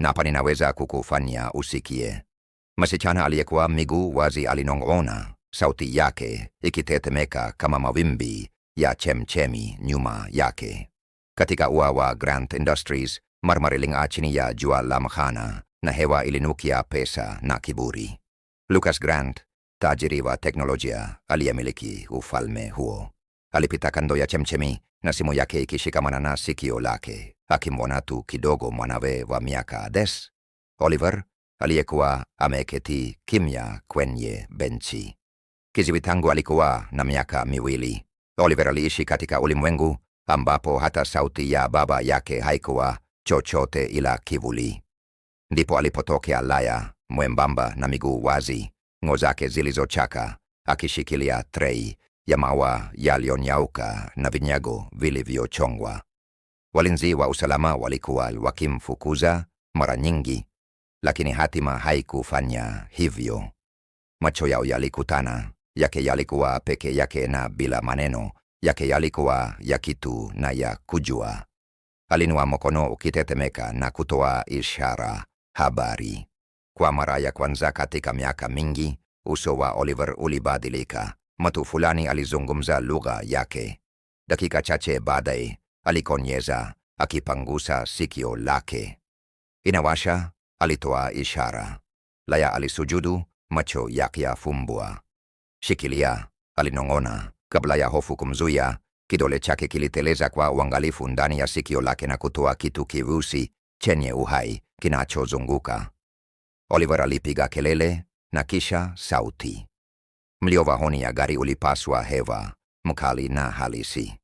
napa ninaweza kukufanya usikie. Masichana aliyekuwa miguu wazi alinong'ona, sauti yake ikitetemeka kama mawimbi ya chemchemi nyuma yake. Katika ua wa Grant Industries, marmar iling'aa chini ya jua la mchana na hewa ilinukia pesa na kiburi. Lucas Grant, tajiri wa teknolojia, aliyemiliki ufalme huo. Alipita kando ya chemchemi na simu yake ikishikamana na sikio lake, akimwona tu kidogo mwanawe wa miaka Des, Oliver, aliyekuwa ameketi kimya kwenye benchi. Kiziwi tangu alikuwa na miaka miwili. Oliver aliishi katika ulimwengu ambapo hata sauti ya baba yake haikuwa chochote ila kivuli. Ndipo alipotokea Laya, mwembamba na miguu wazi, ngo zake zilizochaka, akishikilia trei ya mawa yaliyonyauka na vinyago vilivyochongwa. Walinzi wa usalama walikuwa wakimfukuza mara nyingi, lakini hatima haikufanya hivyo. Macho yao yalikutana, yake yalikuwa peke yake na bila maneno, yake yalikuwa ya kitu na ya kujua. Alinua mkono ukitetemeka na kutoa ishara, habari. Kwa mara ya kwanza katika miaka mingi, uso wa Oliver ulibadilika. Mtu fulani alizungumza lugha yake. Dakika chache baadaye alikonyeza akipangusa sikio lake. Inawasha, alitoa ishara. Laya alisujudu, macho yake yafumbwa. Shikilia, alinong'ona kabla ya hofu kumzuia. Kidole chake kiliteleza kwa uangalifu ndani ya sikio lake na kutoa kitu kirusi chenye uhai kinachozunguka. Oliver alipiga kelele na kisha sauti. Mlio wa honi ya gari ulipaswa hewa, mkali na halisi.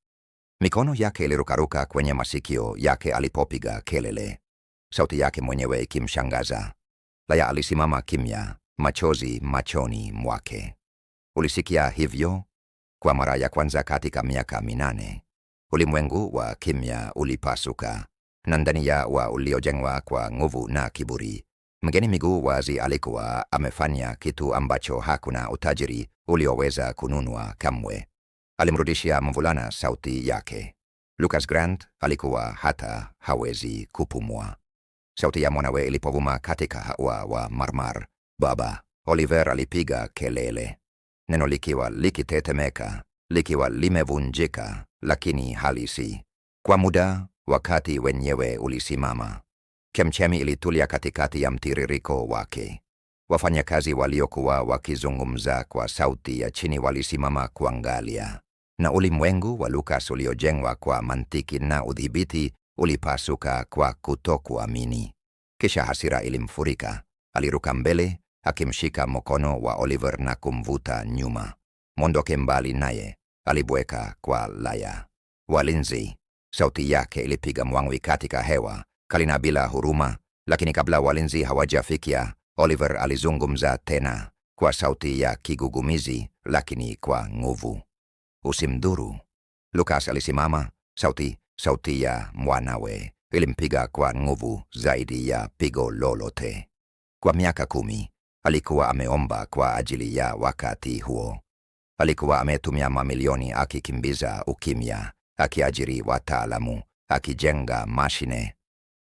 Mikono yake ilirukaruka kwenye masikio yake alipopiga kelele, sauti yake mwenyewe ikimshangaza. Laya alisimama kimya, machozi machoni mwake. Ulisikia hivyo? Kwa mara ya kwanza katika miaka minane, ulimwengu wa kimya ulipasuka, na ndani ya wa uliojengwa kwa nguvu na kiburi Mgeni miguu wazi alikuwa amefanya kitu ambacho hakuna utajiri ulioweza kununua kamwe. Alimrudishia mvulana sauti yake. Lucas Grant alikuwa hata hawezi kupumua. Sauti ya mwanawe ilipovuma katika ua wa marmar, baba Oliver alipiga kelele, neno likiwa likitetemeka, likiwa limevunjika, lakini halisi. Kwa muda wakati wenyewe ulisimama, Chemchemi ilitulia katikati ya mtiririko wake. Wafanyakazi waliokuwa wakizungumza kwa sauti ya chini walisimama kuangalia, na ulimwengu wa Lucas uliojengwa kwa mantiki na udhibiti ulipasuka kwa kutokuamini. Kisha hasira ilimfurika. Aliruka mbele akimshika mkono wa Oliver na kumvuta nyuma. Mondoke mbali naye, alibweka kwa laya. Walinzi! Sauti yake ilipiga mwangwi katika hewa kali na bila huruma, lakini kabla walinzi hawajafikia, Oliver alizungumza tena kwa sauti ya kigugumizi lakini kwa nguvu. Usimdhuru. Lucas alisimama, sauti sauti ya mwanawe ilimpiga kwa nguvu zaidi ya pigo lolote. Kwa miaka kumi alikuwa ameomba kwa ajili ya wakati huo. Alikuwa ametumia mamilioni akikimbiza ukimya, akiajiri wataalamu, akijenga mashine,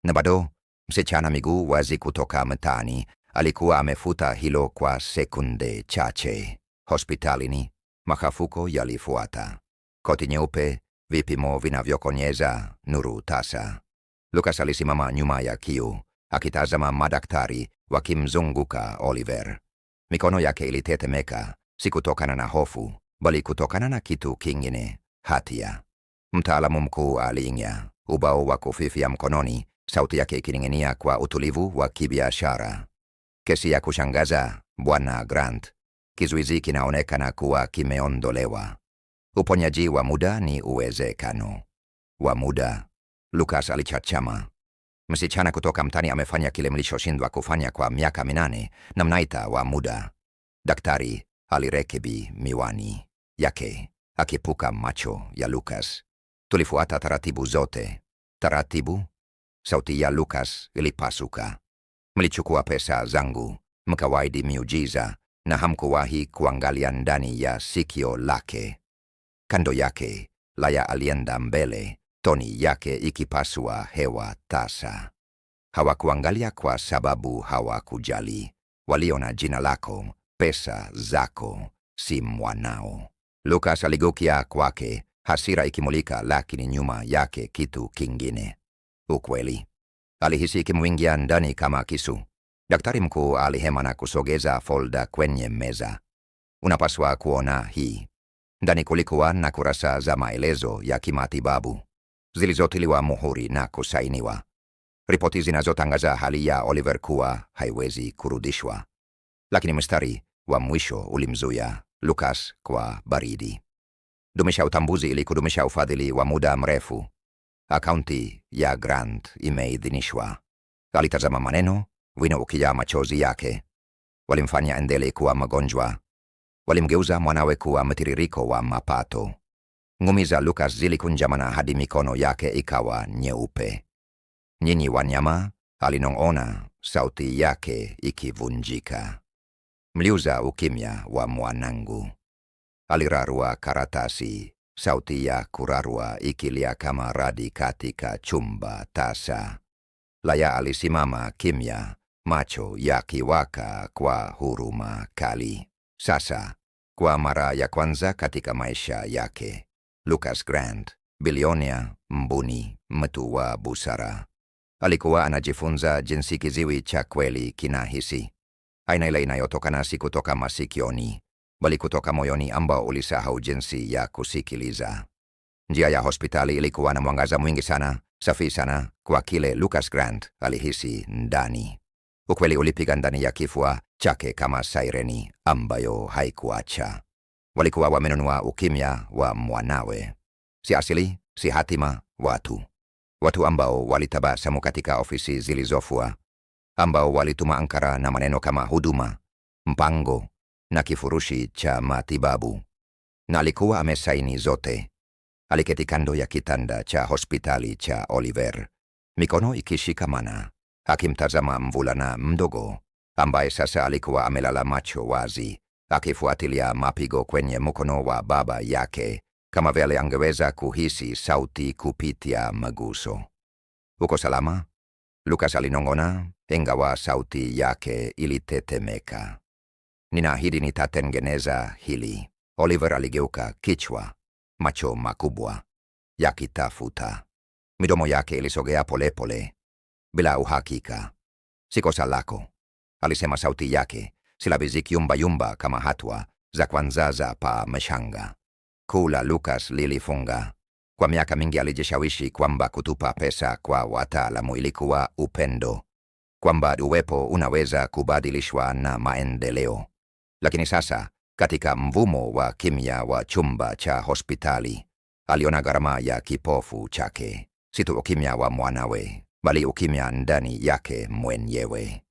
na bado msichana miguu wazi kutoka mtaani alikuwa amefuta hilo kwa sekunde chache. Hospitalini machafuko yalifuata, koti nyeupe, vipimo vinavyokonyeza nuru tasa. lukas alisimama nyuma ya kiu akitazama madaktari wakimzunguka Oliver. Mikono yake ilitetemeka, si kutokana na hofu, bali kutokana na kitu kingine, hatia. Mtaalamu mkuu aliinya ubao wa kufifia mkononi sauti yake ikining'inia kwa utulivu wa kibiashara. Kesi ya kushangaza, Bwana Grant. Kizuizi kinaonekana kuwa kimeondolewa. Uponyaji wa muda ni uwezekano wa muda. Lucas alichachama. Msichana kutoka mtani amefanya kile mlichoshindwa kufanya kwa miaka minane na mnaita wa muda. Daktari alirekebi miwani yake akipuka macho ya Lucas. Tulifuata taratibu zote, taratibu Sauti ya Lukas ilipasuka. Mlichukua pesa zangu, mkawaidi miujiza, na hamkuwahi kuangalia ndani ya sikio lake. Kando yake, Laya alienda mbele, toni yake ikipasua hewa tasa. Hawakuangalia kwa sababu hawakujali. Waliona jina lako, pesa zako, si mwanao. Lukas aligukia kwake, hasira ikimulika, lakini nyuma yake kitu kingine. Ukweli. Alihisi kimwingia ndani kama kisu. Daktari mkuu alihema na kusogeza folda kwenye meza. Unapaswa kuona hii. Ndani kulikuwa na kurasa za maelezo ya kimatibabu zilizotiliwa muhuri na kusainiwa, ripoti zinazotangaza hali ya Oliver kuwa haiwezi kurudishwa. Lakini mstari wa mwisho ulimzuia Lucas kwa baridi: dumisha utambuzi ili kudumisha ufadhili wa muda mrefu akaunti ya Grant imeidhinishwa. Alitazama maneno, wino ukijaa machozi yake. Walimfanya Endele kuwa magonjwa, walimgeuza mwanawe kuwa mtiririko wa mapato. Ngumi za Lucas zilikunjamana hadi mikono yake ikawa nyeupe. Nyinyi wanyama, alinong'ona, sauti yake ikivunjika. Mliuza ukimya wa mwanangu. Alirarua karatasi sauti ya kurarua ikilia kama radi katika chumba tasa. Laya alisimama kimya, macho yakiwaka kwa huruma kali. Sasa, kwa mara ya kwanza katika maisha yake, Lucas Grant, bilionia, mbuni, mtu wa busara, alikuwa anajifunza jinsi kiziwi cha kweli kinahisi, aina ile inayotokana si kutoka masikioni, bali kutoka moyoni ambao ulisahau jinsi ya kusikiliza. Njia ya hospitali ilikuwa na mwangaza mwingi sana, safi sana, kwa kile Lucas Grant alihisi ndani. Ukweli ulipiga ndani ya kifua chake kama saireni ambayo haikuacha. Walikuwa wamenunua ukimya wa mwanawe, si asili, si hatima, watu watu ambao walitabasamu katika ofisi zilizofua, ambao walituma ankara na maneno kama huduma, mpango, na kifurushi cha matibabu, na alikuwa amesaini zote. Aliketi kando ya kitanda cha hospitali cha Oliver, mikono ikishikamana, akimtazama mvulana mdogo ambaye sasa alikuwa amelala macho wazi, akifuatilia mapigo kwenye mkono wa baba yake, kama vile angeweza kuhisi sauti kupitia maguso. Uko salama? Lucas alinong'ona, ingawa sauti yake ilitetemeka. Ninaahidi nitatengeneza hili. Oliver aligeuka kichwa, macho makubwa yakitafuta. Midomo yake ilisogea polepole, bila uhakika. Si kosa lako, alisema sauti yake, silabi zikiyumbayumba kama hatua za kwanza za pa mshanga. Kuu la Lucas lilifunga. Kwa miaka mingi alijishawishi kwamba kutupa pesa kwa wataalamu ilikuwa upendo, kwamba uwepo unaweza kubadilishwa na maendeleo lakini sasa katika mvumo wa kimya wa chumba cha hospitali aliona gharama ya kipofu chake, si tu ukimya wa mwanawe, bali ukimya ndani yake mwenyewe.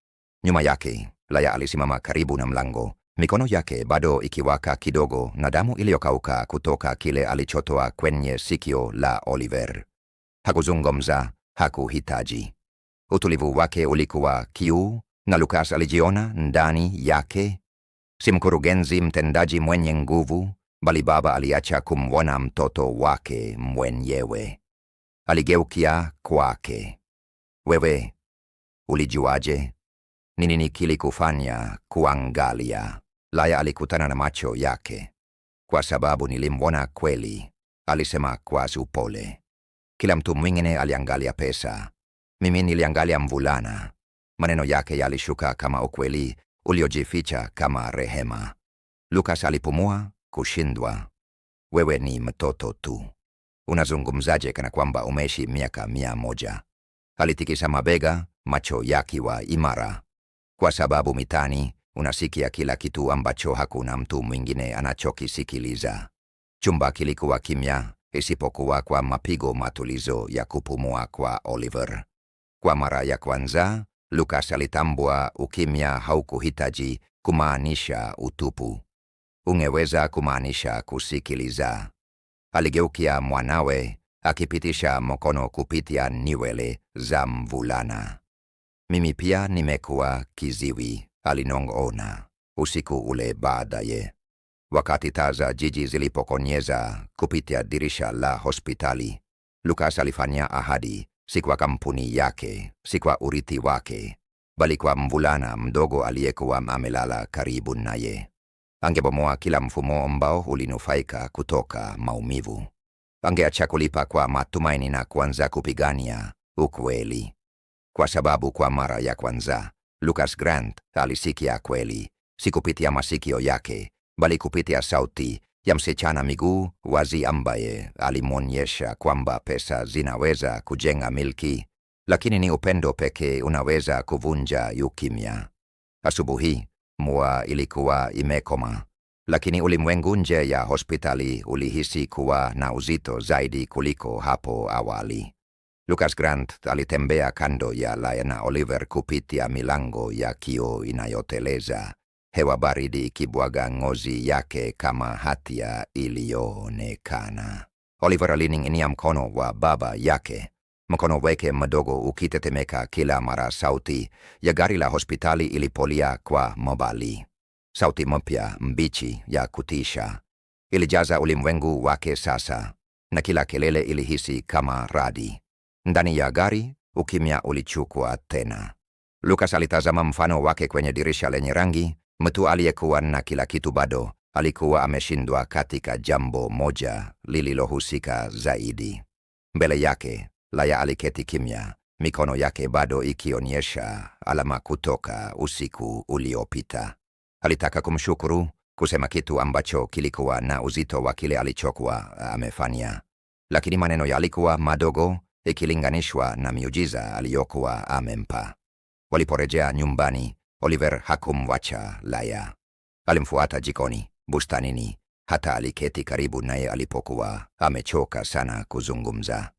Nyuma yake, Laya alisimama karibu na mlango, mikono yake bado ikiwaka kidogo na damu iliyokauka kutoka kile alichotoa kwenye sikio la Oliver. Hakuzungumza, hakuhitaji. Utulivu wake ulikuwa kiu, na Lukas alijiona ndani yake Si mkurugenzi mtendaji mwenye nguvu, bali baba aliacha kumwona mtoto wake mwenyewe. Aligeukia kwake. Wewe ulijuaje? Ni nini kilikufanya kuangalia? Laya alikutana na macho yake. Kwa sababu nilimwona kweli, alisema kwa upole. Kila mtu mwingine aliangalia pesa, mimi niliangalia mvulana. Maneno yake yalishuka kama ukweli uliojificha kama rehema. Lukas alipumua kushindwa. Wewe ni mtoto tu, unazungumzaje kana kwamba umeishi miaka mia moja? Alitikisa mabega, macho yakiwa imara, kwa sababu mitani unasikia kila kitu ambacho hakuna mtu mwingine anachokisikiliza. Chumba kilikuwa kimya, isipokuwa kwa mapigo matulizo ya kupumua kwa Oliver. Kwa mara ya kwanza Lucas alitambua ukimya haukuhitaji kumaanisha utupu. Ungeweza kumaanisha kusikiliza. Aligeukia mwanawe, akipitisha mkono kupitia nywele za mvulana. Mimi pia nimekuwa kiziwi, alinong'ona usiku ule baadaye, wakati taa za jiji zilipokonyeza kupitia dirisha la hospitali. Lucas alifanya ahadi si kwa kampuni yake, si kwa urithi wake, bali kwa mvulana mdogo aliyekuwa amelala karibu naye. Angebomoa kila mfumo ambao ulinufaika kutoka maumivu. Angeacha kulipa kwa matumaini na kuanza kupigania ukweli, kwa sababu kwa mara ya kwanza Lucas Grant alisikia kweli, si kupitia masikio yake, bali kupitia sauti ya msichana miguu wazi ambaye alimwonyesha kwamba pesa zinaweza kujenga milki, lakini ni upendo pekee unaweza kuvunja ukimya. Asubuhi mua ilikuwa imekoma, lakini ulimwengu nje ya hospitali ulihisi kuwa na uzito zaidi kuliko hapo awali. Lucas Grant alitembea kando ya Lyanna Oliver kupitia milango ya kioo inayoteleza hewa baridi ikibwaga ngozi yake kama hatia iliyoonekana. Oliver alining'inia mkono wa baba yake, mkono wake mdogo ukitetemeka kila mara sauti ya gari la hospitali ilipolia kwa mobali. Sauti mpya mbichi ya kutisha ilijaza ulimwengu wake sasa, na kila kelele ilihisi kama radi. Ndani ya gari ukimya ulichukua tena. Lucas alitazama mfano wake kwenye dirisha lenye rangi Mtu aliyekuwa na kila kitu bado alikuwa ameshindwa katika jambo moja lililohusika zaidi. Mbele yake Laya aliketi kimya, mikono yake bado ikionyesha alama kutoka usiku uliopita. Alitaka kumshukuru, kusema kitu ambacho kilikuwa na uzito wa kile alichokuwa uh, amefanya, lakini maneno yalikuwa madogo ikilinganishwa na miujiza aliyokuwa amempa. Waliporejea nyumbani, Oliver hakumwacha Laya. Alimfuata jikoni, bustanini, hata aliketi karibu naye alipokuwa amechoka sana kuzungumza.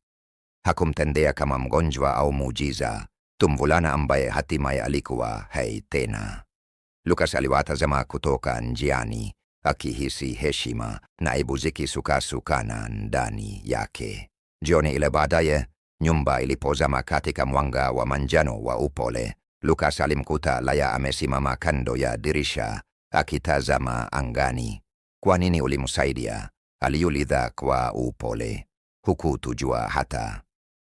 Hakumtendea kama mgonjwa au muujiza, tumvulana ambaye hatimaye alikuwa hai tena. Lukas aliwatazama kutoka njiani, akihisi heshima na ibuziki sukana ndani yake. Jioni ile baadaye, nyumba ilipozama katika mwanga wa manjano wa upole, lukas alimkuta Laya amesimama kando ya dirisha akitazama angani. Kwa nini ulimsaidia? Aliuliza kwa upole. huku tujua hata.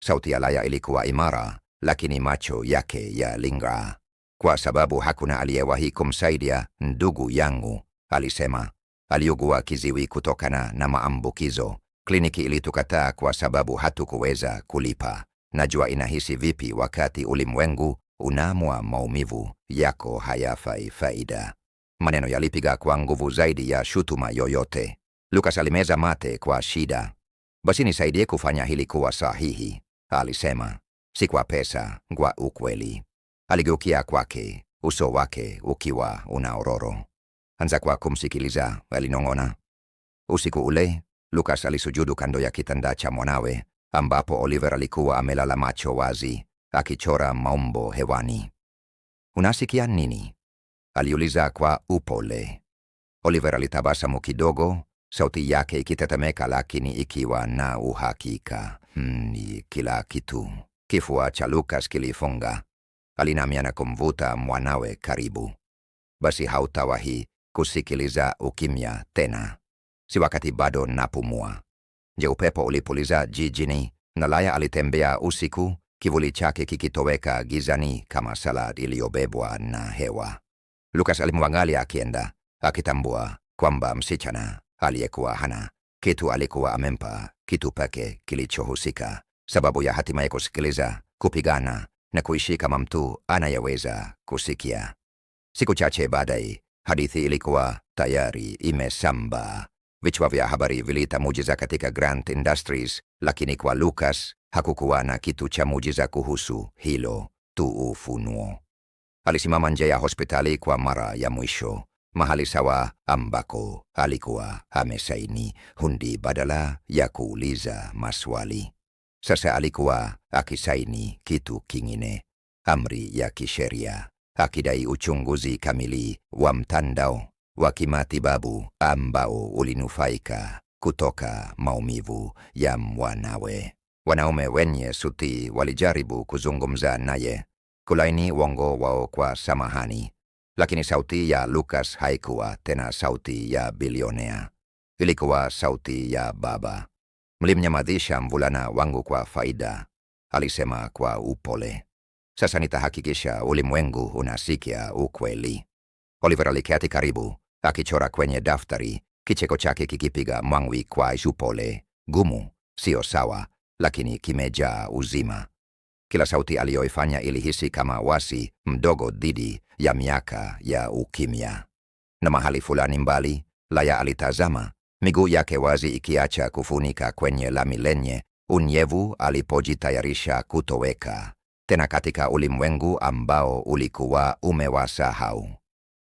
Sauti ya Laya ilikuwa imara, lakini macho yake ya linga Kwa sababu hakuna aliyewahi kumsaidia ndugu yangu, alisema. Aliugua kiziwi kutokana na maambukizo. Kliniki ilitukataa kwa sababu hatukuweza kulipa. Najua inahisi vipi wakati ulimwengu unaamwa maumivu yako hayafai faida. Maneno yalipiga kwa nguvu zaidi ya shutuma yoyote. Lukas alimeza mate kwa shida. Basi nisaidie kufanya hili kuwa sahihi, alisema, si kwa pesa, kwa ukweli. Aligeukia kwake, uso wake ukiwa unaororo. Anza kwa kumsikiliza, alinong'ona. Usiku ule Lukas alisujudu kando ya kitanda cha mwanawe ambapo Oliver alikuwa amelala macho wazi, akichora maumbo hewani. Unasikia nini? Aliuliza kwa upole. Oliver alitabasamu kidogo, sauti yake ikitetemeka lakini ikiwa na uhakika. Hmm, kila kitu. Kifua cha Lucas kilifunga. Alinamia na kumvuta mwanawe karibu. Basi hautawahi kusikiliza ukimya tena. Si wakati bado napumua. Je, upepo ulipuliza jijini na Laya alitembea usiku kivuli chake kikitoweka gizani kama salad iliyobebwa na hewa. Lukas alimwangalia akienda, akitambua kwamba msichana aliyekuwa hana kitu alikuwa amempa kitu pake kilichohusika, sababu ya hatimaye kusikiliza, kupigana na kuishi kama mtu anayeweza kusikia. Siku chache baadaye, hadithi ilikuwa tayari imesamba. Vichwa vya habari viliita muujiza katika Grant Industries, lakini kwa Lucas Hakukuwa na kitu cha mujiza kuhusu hilo, tu ufunuo. Alisimama nje ya hospitali kwa mara ya mwisho, mahali sawa ambako alikuwa amesaini hundi badala ya kuuliza maswali. Sasa alikuwa akisaini kitu kingine, amri ya kisheria, akidai uchunguzi kamili wa mtandao wa kimatibabu ambao ulinufaika kutoka maumivu ya mwanawe. Wanaume wenye suti walijaribu kuzungumza naye, kulaini uongo wao kwa samahani, lakini sauti ya Lucas haikuwa tena sauti ya bilionea. Ilikuwa sauti ya baba. Mlimnyamadhisha mvulana wangu kwa faida, alisema kwa upole. Sasa nitahakikisha ulimwengu unasikia ukweli. Oliver aliketi karibu, akichora kwenye daftari, kicheko chake kikipiga mwangwi kwa upole gumu, sio sawa lakini kimejaa uzima. Kila sauti aliyoifanya ilihisi kama wasi mdogo dhidi ya miaka ya ukimya. Na mahali fulani mbali, Laya alitazama, miguu yake wazi ikiacha kufunika kwenye lami lenye unyevu alipojitayarisha kutoweka tena katika ulimwengu ambao ulikuwa umewasahau.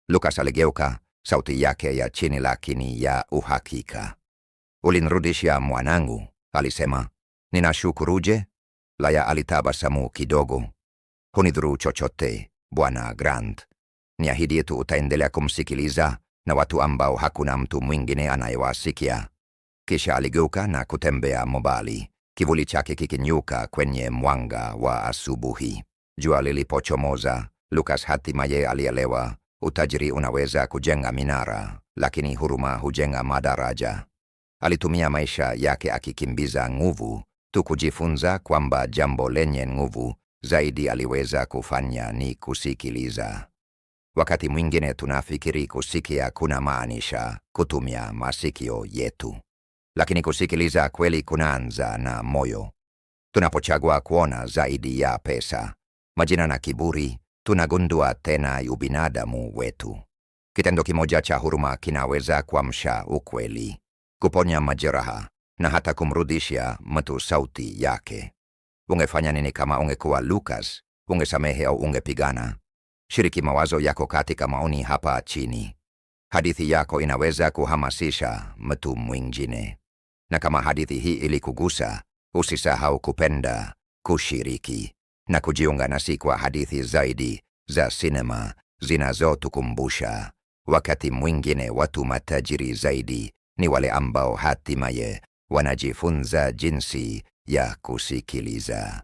Lucas aligeuka, sauti yake ya chini lakini ya uhakika. Ulinrudishia mwanangu, alisema, Ninashukuruje? Laya alitabasamu kidogo. Hunidhuru chochote, Bwana Grant. Niahidi yetu utaendelea kumsikiliza na watu ambao hakuna mtu mwingine anayewasikia. Kisha aligeuka na kutembea mobali, kivuli chake kikinyuka kwenye mwanga wa asubuhi. Jua lilipochomoza, Lucas hatimaye alielewa, utajiri unaweza kujenga minara, lakini huruma hujenga madaraja. Alitumia maisha yake akikimbiza nguvu tukujifunza kwamba jambo lenye nguvu zaidi aliweza kufanya ni kusikiliza. Wakati mwingine tunafikiri kusikia kuna maanisha kutumia masikio yetu, lakini kusikiliza kweli kunaanza na moyo. Tunapochagua kuona zaidi ya pesa, majina na kiburi, tunagundua tena ubinadamu wetu. Kitendo kimoja cha huruma kinaweza kuamsha ukweli, kuponya majeraha na hata kumrudishia mtu sauti yake. Ungefanya nini kama ungekuwa Lukas? Ungesamehe au ungepigana? Shiriki mawazo yako katika maoni hapa chini. Hadithi yako inaweza kuhamasisha mtu mwingine, na kama hadithi hii ilikugusa, usisahau kupenda, kushiriki na kujiunga nasi kwa hadithi zaidi za sinema zinazotukumbusha wakati mwingine watu matajiri zaidi ni wale ambao hatimaye wanajifunza jinsi ya kusikiliza.